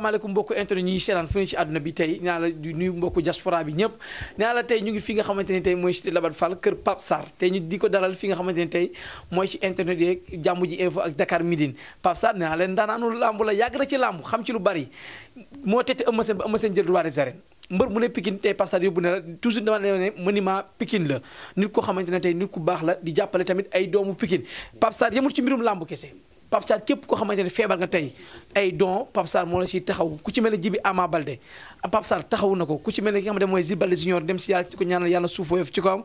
asalaamaaleykum mbokk internet ñuy seetaan fu ñu ci àdduna bi tey naa la di nuyu mbokku bi ñëpp naa la tey ñu ngi fi nga xamante ne tey mooy cité Labat Fall kër ko dalal fi nga xamante ne tey mooy ci internet yeeg jàmm ji info ak Dakar Midine Pape Sarr naa leen daanaanu làmb la yàgg na ci làmb xam ci lu bari moo tete Eumeu Sène ba Eumeu Sène jël roi mbër mu ne Pikine tey Pape Sarr yóbbu ne la toujours dama la ni monument Pikine la nit ko xamante tey nit ku baax la di jàppale tamit ay doomu Pikine Pape Sarr yemul ci mbirum làmb kese Pape Sarr képp koo xamante ne feebar nga tey ay don Pape moo la siy taxaw ku ci mel ne Jibi Ama Balde Pape Sarr na ko ku ci mel ne ki nga xamante mooy Zil Balde Junior dem si yàlla ci ko ñaanal yàlla suuf woyof ci kawam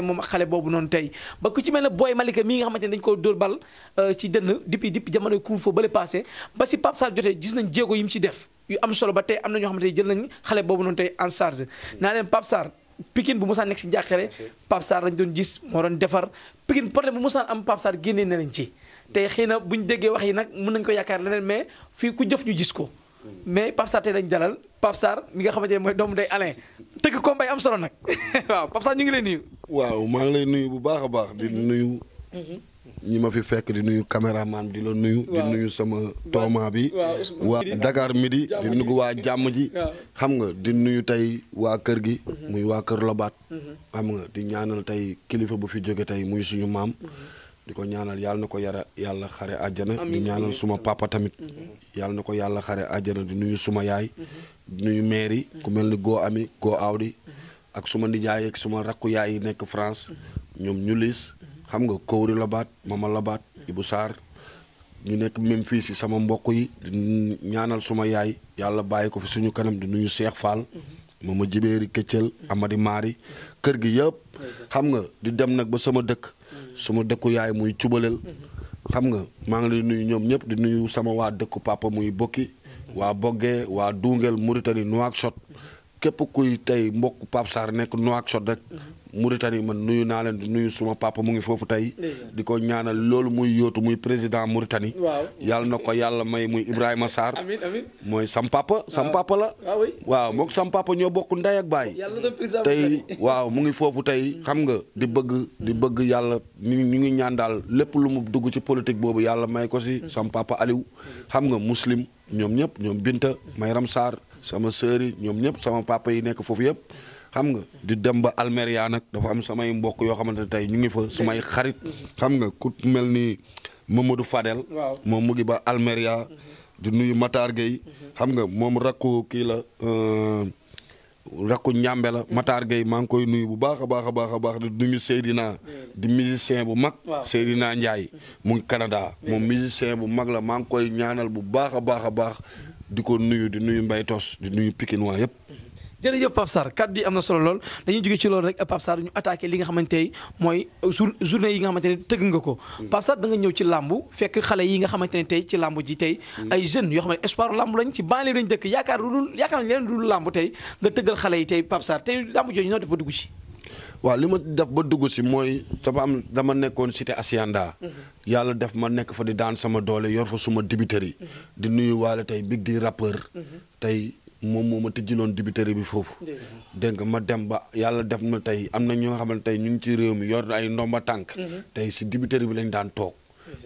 moom ak xale boobu noonu tey ba ku ci mel ne Boy Malika mii nga xamante ne dañu ko dóor bal euh, ci dënn depuis depuis jamono couvre-feu bale passé ba si Pape jotee gis nañ jéego yi mu ci def yu am solo ba tey am na ñoo xamante ne jël nañ xale boobu noonu tey en charge naa leen Pape Pikine bu Moussa nekk si jàkkaare Pape Sarr lañ doon gis moo doon defar Pikine problème bu Moussa am Pape Sarr génnee na lañ ci te xëy na bu ñu wax yi nag mën nañ ko yaakaar leneen mais fii ku jëf ñu gis ko mm. mais Pape Sarr tey dañ dalal Pape Sarr mi nga xamante ne mooy doomu day Alain tëgg bay am solo nag waaw Pape Sarr ñu ngi lay nuyu waaw maa ngi lay nuyu bu baax a baax di nuyu mm-hmm. ñi ma fi fekk di nuyu caméraman di la nuyu. di nuyu sama tooma bi. waa Dakar midi di nuyu waa jàmm ji. xam nga di nuyu tey waa kër gi. Mhm. muy waa kër Lobaat. Mhm. xam nga di ñaanal tey kilifa bu fi jóge tey muy suñu maam. Mhm. di ko ñaanal yàlla na ko yara yàlla xare àjjana di ñaanal suma papa tamit yàlla na ko yàlla xare àjjana di nuyu suma yaay di nuyu maire yi ku mel ni goo ami goo awdi ak suma nijaay ak suma rakku yaay yi nekk France ñoom ñu xam nga Kowri Labaat Mama Labaat Ibou Sarr ñu nekk même fii si sama mbokk yi di ñaanal suma yaay yàlla bàyyi ko fi suñu kanam di nuyu Seex Faal ma Jibéeri Këccël Amady Maari kër gi yëpp xam nga di dem nag ba sama dëkk suma dëkku yaay muy cubaleel xam nga maa ngi lay nuyu ñoom ñëpp di nuyu sama waa dëkku papa muy bokki waa boggee waa duungeel Mauritanie Nouakchott képp kuy tey mbokk Pape Sarr nekk Nouakchott rek Mauritanie man nuyu naa leen di nuyu suma papa mu ngi foofu tey. di ko ñaanal loolu muy yootu muy président Mauritanie. waaw yàlla na ko yàlla may muy Ibrahima Sarr. mooy sam papa. la. Ah waaw moog sam ñoo bokku ndey ak baay. tey waaw mu ngi foofu tey xam nga di bëgg di bëgg yàlla ñu ngi ñaan daal lépp lu mu dugg ci politique boobu yàlla may ko si. sam papa xam nga muslim ñoom ñëpp ñoom Binta. Mayram Sarr sama sœur ñoom ñëpp sama papa yi nekk foofu yëpp. xam nga di dem ba Almeria nag dafa am samay mbokk yoo xamante ne tey ñu ngi fa samay xarit mhm. xam nga ku mel nii ni Mamadou Fadel moom mu ngi ba Almeria mhm. di nuyu mataar Gueye mhm. xam nga moom rakku kii la euh, rakku ñàmbe la Matar Gueye maa ngi koy nuyu bu baax a baax a baax a baax di nuyu Seydina di musicien bu mag Seydina Ndiaye mu ngi moom musicien bu mag la maa ngi koy ñaanal bu baax a baax a baax di ko nuyu di nuyu Mbaye Tos di nuyu Pikinois yëpp jërëjëf Pape Sarr kaddu yi am na solo lool yi nga xamante ne hmm. ne tey ci làmb ji tey hmm. ay jeunes yoo xam ne espoir làmb lañ ci banlieue lañ dëkk yaakaar dul yaakaar nañ leen dul làmb tey nga tëggal xale yi tey Pape Sarr tey làmb jooju noo def ba dugg ci waaw li ma def ba dugg si mooy dama am dama nekkoon cité Hacienda hmm. yàlla def ma nekk fa di daan sama doole yor fa suma dibiteri di nuyu waale tey big di rappeur tey moom moo ma tëjjiloon dibiteri bi foofu. dégg ma dem ba yàlla def na tey am na ñoo xam ne tey ñu ngi ci réew mi yor ay ndomba tànk. tey si dibiteri bi lañ daan toog.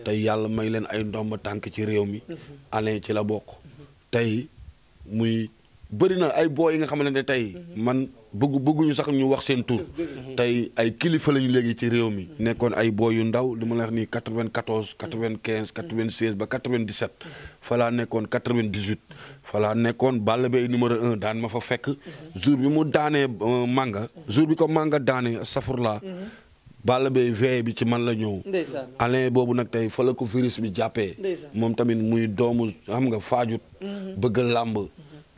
tey yàlla may leen ay ndomba tànk ci réew mi. Alain ci la bokk. tey muy bëri na ay boo yi nga xam ne tey man. bëgg bëgguñu sax ñu wax seen tur tey ay kilifa lañu léegi ci réew mi nekkoon ay booy yu ndaw li ma la wax nii 94 95 96 ba 97 falaa nekkoon 98 falaa nekkoon Balla Beye numéro daan ma fa fekk jour bi mu daanee euh, manga jour bi ko manga daanee safurlaa Balla Beye veille bi ci man la ñëw alain boobu nag tey fa la ko virus bi jàppee moom tamit muy doomu xam nga faajut mm-hmm. bëgg làmb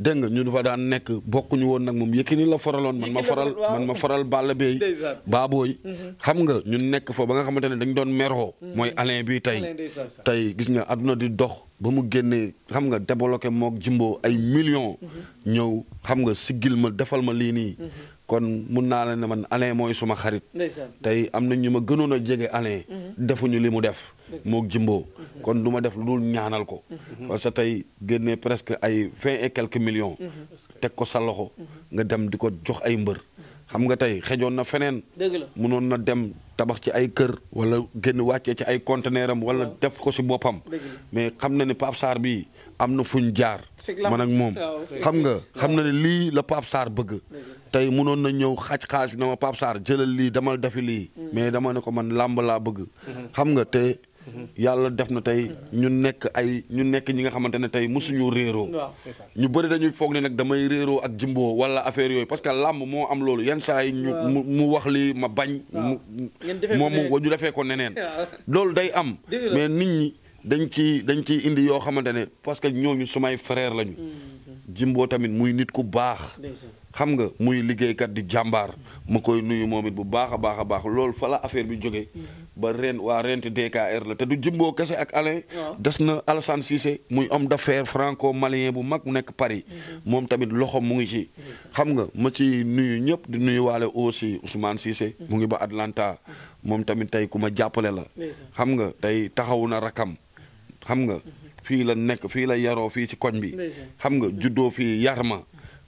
dégg nga ñun fa daan nekk bokkuñu woon nag moom Yékini la faraloon man ma faral man ma faral Balla Beye baabooy mhm. xam nga ñun nekk fa ba nga xamante ne dañ doon meroo mhm. mooy Alain bii tey tey gis nga àdduna di dox ba mu génnee xam nga débloqué mook Jumbo ay millions mhm. ñëw xam nga siggil ma defal ma lii nii kon mun naa la ne man Alain mooy suma xarit. tey am na ñu ma gënoon a jege Alain. Mm-hmm. defuñu li mu def. moog Jimbo. Mm-hmm. kon du ma def lu ñaanal ko. Mm-hmm. parce que tey génne presque ay vingt et quelques millions. teg ko sa loxo. nga dem di ko jox ay mbër. xam nga tey xejoon na feneen. dëgg la munoon na dem tabax ci ay kër. wala génn wàccee ci ay conteneur am wala def ko si boppam. mais xam na ni Pape Sarr bii. am na fu fuñ jaar. man ak moom xam nga xam na ne lii la Pape Sarr bëgg. tey munoon na ñëw xaaj xaaj na ma Pape saar jëlal lii dama defi lii. Mm-hmm. mais dama ne ko man làmb laa bëgg. Mm-hmm. xam nga te. Mm-hmm. yàlla def na tey ñu nekk ay ñu nekk ñi nga xamante ne tey mosuñu réeroo. ñu bëri dañuy foog ne nag damay réeroo ak jimbo wala affaire yooyu parce que làmb moo am loolu yan saa ay ñu mu wax lii ma bañ. mu moom ñu defee ko neneen. loolu day am mais nit ñi. dañ ci dañ ciy indi yoo xamante ne parce que ñooñu sumay frère lañu. Mm-hmm. Jimbo tamit muy nit ku baax. xam nga muy liggéeykat di jàmbaar ma koy nuyu moom it bu baax a baax a baax loolu fa la affaire bi jógee. Mm-hmm. ba ren waa rent DKR la te du Jimbo kese ak Alain. des na Alassane Cissé muy homme d'affaires franco malien bu mag mu nekk Paris. Mm-hmm. moom tamit loxo mu ngi ci. xam nga ma ci nuyu ñëpp di nuyu waale aussi Ousmane Cissé. mu ngi ba Atlanta moom tamit tey ku ma jàppale la. xam nga tey taxaw na rakam. xam nga fii la nekk fii la yaroo fii ci koñ bi xam nga juddoo fii yar ma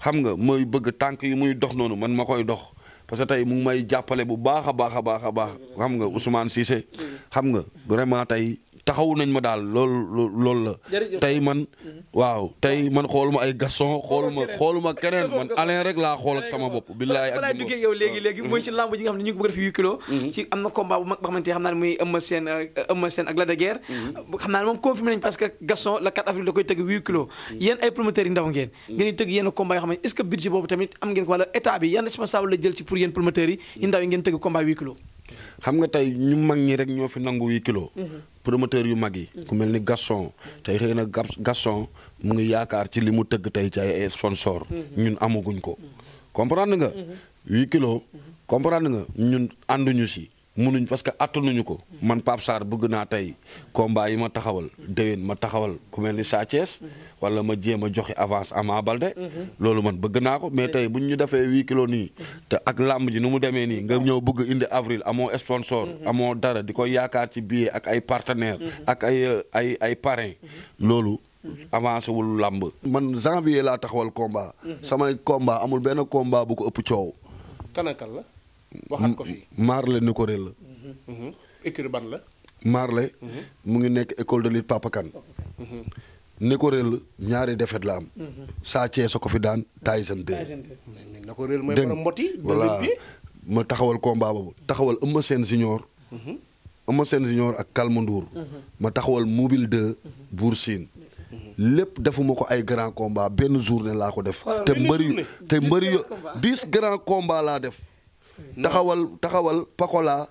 xam nga mooy bëgg tànk yi muy dox noonu man ma koy dox parce que tey mu may jàppale bu baax a baax a baax a baax xam nga Ousmane Cissé mm. xam nga vraiment tey taxawu nañ ma daal lool loolu la. tey man. Mm-hmm. waaw tey man xooluma ay Gaston xooluma xooluma keneen man Alain rek laa xool ak sama bopp. billaay ak mooy ci lamb ji nga xam ne ñu ngi bëgg def 8 kilos. Mm-hmm. ci am na combat bu mag ba xamante ne xam naa ne muy Eumeu Sène euh, Eumeu ak Lac de mm-hmm. xam naa ne moom confirmé nañ parce que Gaston le 4 avril da koy tëgg 8 kilos. yéen ay promoteurs yi ndaw ngeen. ngeen tëgg ko yan responsable la jël xam nga tey ñu mag ñi rek ñoo fi nangu huit kilos. Mm-hmm. promoteur yu mag yi. Mm-hmm. ku mel ni Gaston mm-hmm. tey xëy na Gaston mu ngi yaakaar ci li mu tëgg tey ci ay sponsor ñun amaguñ ko comprendre nga. huit kilo comprendre nga ñun ànduñu si. munuñ parce que attanuñu ko man Pape Sarr bëgg naa tey combat yi ma taxawal déwén ma taxawal ku mel ni Sa Thiès wala ma jéem a joxe avance Ama balde loolu man bëgg naa ko mais tey buñ ñu defee huit kilos nii te ak làmb ji nu mu demee nii nga ñëw bugg indi avril amoo sponsor amoo dara di koy yaakaar ci billet ak ay partenaire ak ay ay ay parrain loolu avancé wul làmb man janvier laa taxawal combat sama combat amul benn combat bu ko ëpp coow kan ak waxaat ko fi Marley Nicoré la. Mm-hmm. écurie la. Mm-hmm. mu ngi nekk école de lutte Papa Kane. Mm-hmm. Nicoré la ñaari defet la am. Sa Thiès a ko fi daan Tyson 2. Nicoré mooy ma taxawal combat boobu taxawal Eumeu Sène Junior. Eumeu Sène Junior ak Kalma Ndour. ma taxawal mobile 2. Bour lépp defuma ko ay grand combat benn journée laa ko def. te mbëri te mbëri yo grand combat laa def. taxawal taxawal Pakola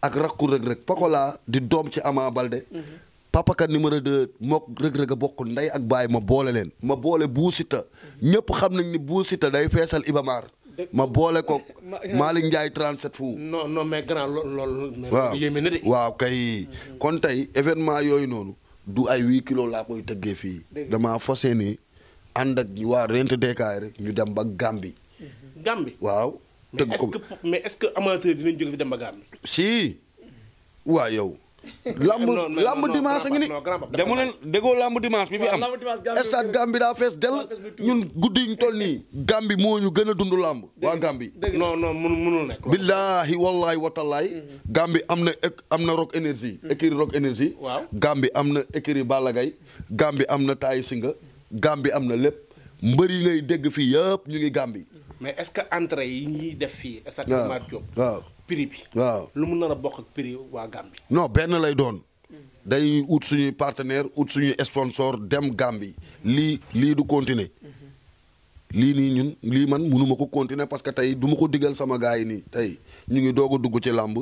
ak rakku rëg-rëg Pakola di doom ci amaa Balde. Mhm. Papa Kan numéro 2 mook rëg-rëg a bokk ndey ak baay ma boole leen. ma boole buusita. Mhm. ñëpp xam nañ ni buusita day feesal Ibamaar. ma boole ko Malick Ndiaye 37 fu. non non mais grand loolu. waaw yéeme kay mhm. kon tey événement yooyu noonu du ay 8 kilos laa koy tëggee fii. dama fas yéene ànd ak waa rent DKR rek ñu dem ba Gambie. waaw. dëgg ko mais est-ce que amateur dinañ jóge fi dem ba waa yow. lamb lamb dimanche a ngi ni demu leen déggoo lamb dimanche bi fi am stade Gambie daa fees del ñun guddi ñu toll nii Gambie moo ñu gën a dund lamb waa Gambie non non mënu mënul nekk billaahi wallaahi watalaay mm-hmm. Gambie am na am na rock énergie mm-hmm. écurie rock énergie waaw am na écurie Balla Gaye Gambie am na Taï Singa Gambie am na lépp mbër yi ngay dëgg fii yëpp ñu ngi Gambie mais est-ce que entrée yi ñuy def fii. waaw waaw prix bi. waaw lu mu nar a bokk ak prix waa Gambie. non benn lay doon. day ut suñuy partenaire ut suñuy sponsor dem bi lii lii du continuer lii nii ñun lii man mënu ko continuer parce que tey du ma ko digal sama gars nii tey ñu ngi doog a dugg ci làmb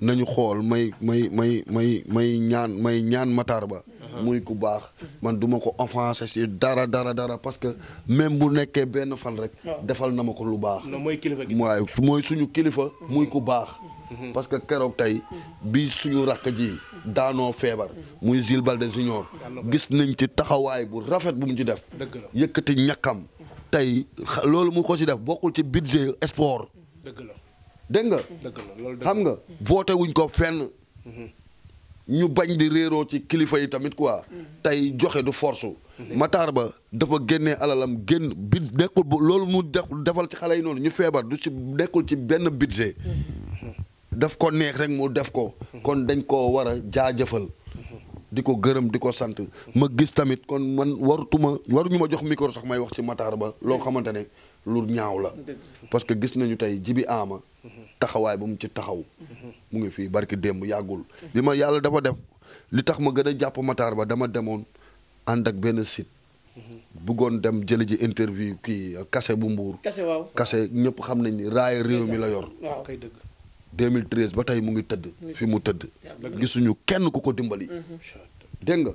nañu xool may may may may may ñaan may ñaan Matar Ba. Uh-huh. muy ku baax. man duma ko offensé si dara dara dara parce que même bu nekkee benn fan rek. defal na ma ko lu baax. mooy kilifa gi waaye mooy suñu kilifa. Uh-huh. muy ku baax. Uh-huh. parce que keroog tey bii suñu rakk ji daanoo feebar muy gilbalde Balde Junior gis nañ ci taxawaay bu rafet bu mu ci def. yëkkati ñàkkam. tey loolu mu ko si def bokkul ci budget sport. dëgg la dégg nga. dëgg la xam nga. voté ko fenn. Mhm. ñu bañ di réeroo ci kilifa yi tamit quoi. Mhm. tey joxe du force. Mhm. Matar Ba dafa génnee alalam génn bi nekkul loolu mu def defal ci xale yi noonu ñu feebar du si nekkul ci benn budget. daf ko neex rek mu def ko. kon dañ ko war a jaajëfal. di ko gërëm di ko sant. ma gis tamit kon man warutuma waruñu ma jox micro sax may wax ci Matar Ba loo xamante ne lu ñaaw la. parce que gis nañu tey jibi aama. taxawaay ba mu ci taxaw. mu ngi fii barki démb yàggul. li ma yàlla dafa def li tax ma gën a jàpp Matar Ba dama demoon ànd ak benn site. bëggoon dem jëli ji interview kii kase bu mbuur. kase waaw kase ñëpp xam nañ ni raaya réew mi la yor. waaw 2013 ba tey mu ngi tëdd fi mu tëdd gisuñu kenn ku ko dimbali mhm. dégg nga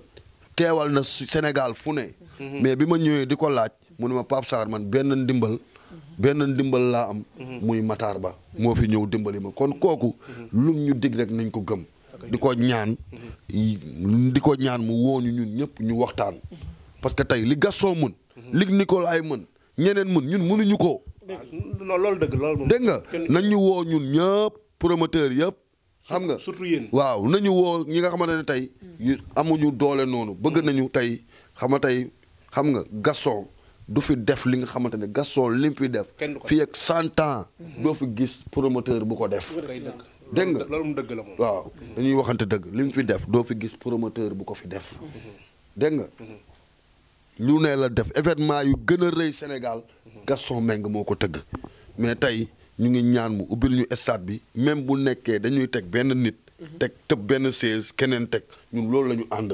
teewal na Sénégal fu ne mhm. mais bi ma ñëwee di ko laaj mu ne ma Pape Sarr man benn ndimbal mhm. benn ndimbal laa am muy Matar Ba moo fi ñëw dimbali ma kon kooku lum ñu dig rek nañ ko gëm di ko ñaan di ko ñaan mu wooñu ñun ñëpp ñu waxtaan parce tey li Gaston mën li Nicole ay mën ñeneen mën ñun mënuñu ko ah, loolu dëgg woo ñun ñëpp promoteur yëpp. xam nga surtout yéen waaw nañu woo ñi nga xamante ne tey. amuñu doole noonu. bëgg mm. nañu tey xam nga tey xam nga Gaston du fi def li nga xamante ne Gaston li mu fi def. fii ak cent ans. Mm-hmm. doo fi gis promoteur bu ko def. dégg nga loolu dëgg la moom waaw dañuy waxante dëgg li mu fi def doo fi gis promoteur bu ko fi def. Mm-hmm. dégg mm-hmm. lu ne la def événement yu gën a rëy Sénégal Gaston Mbengue moo ko tëgg mais tey. ñu ngi ñaan mu ubbil ñu stade bi même bu nekkee dañuy teg benn nit. Mhm. teg tëb benn chaise keneen teg ñun loolu la ñu ànd.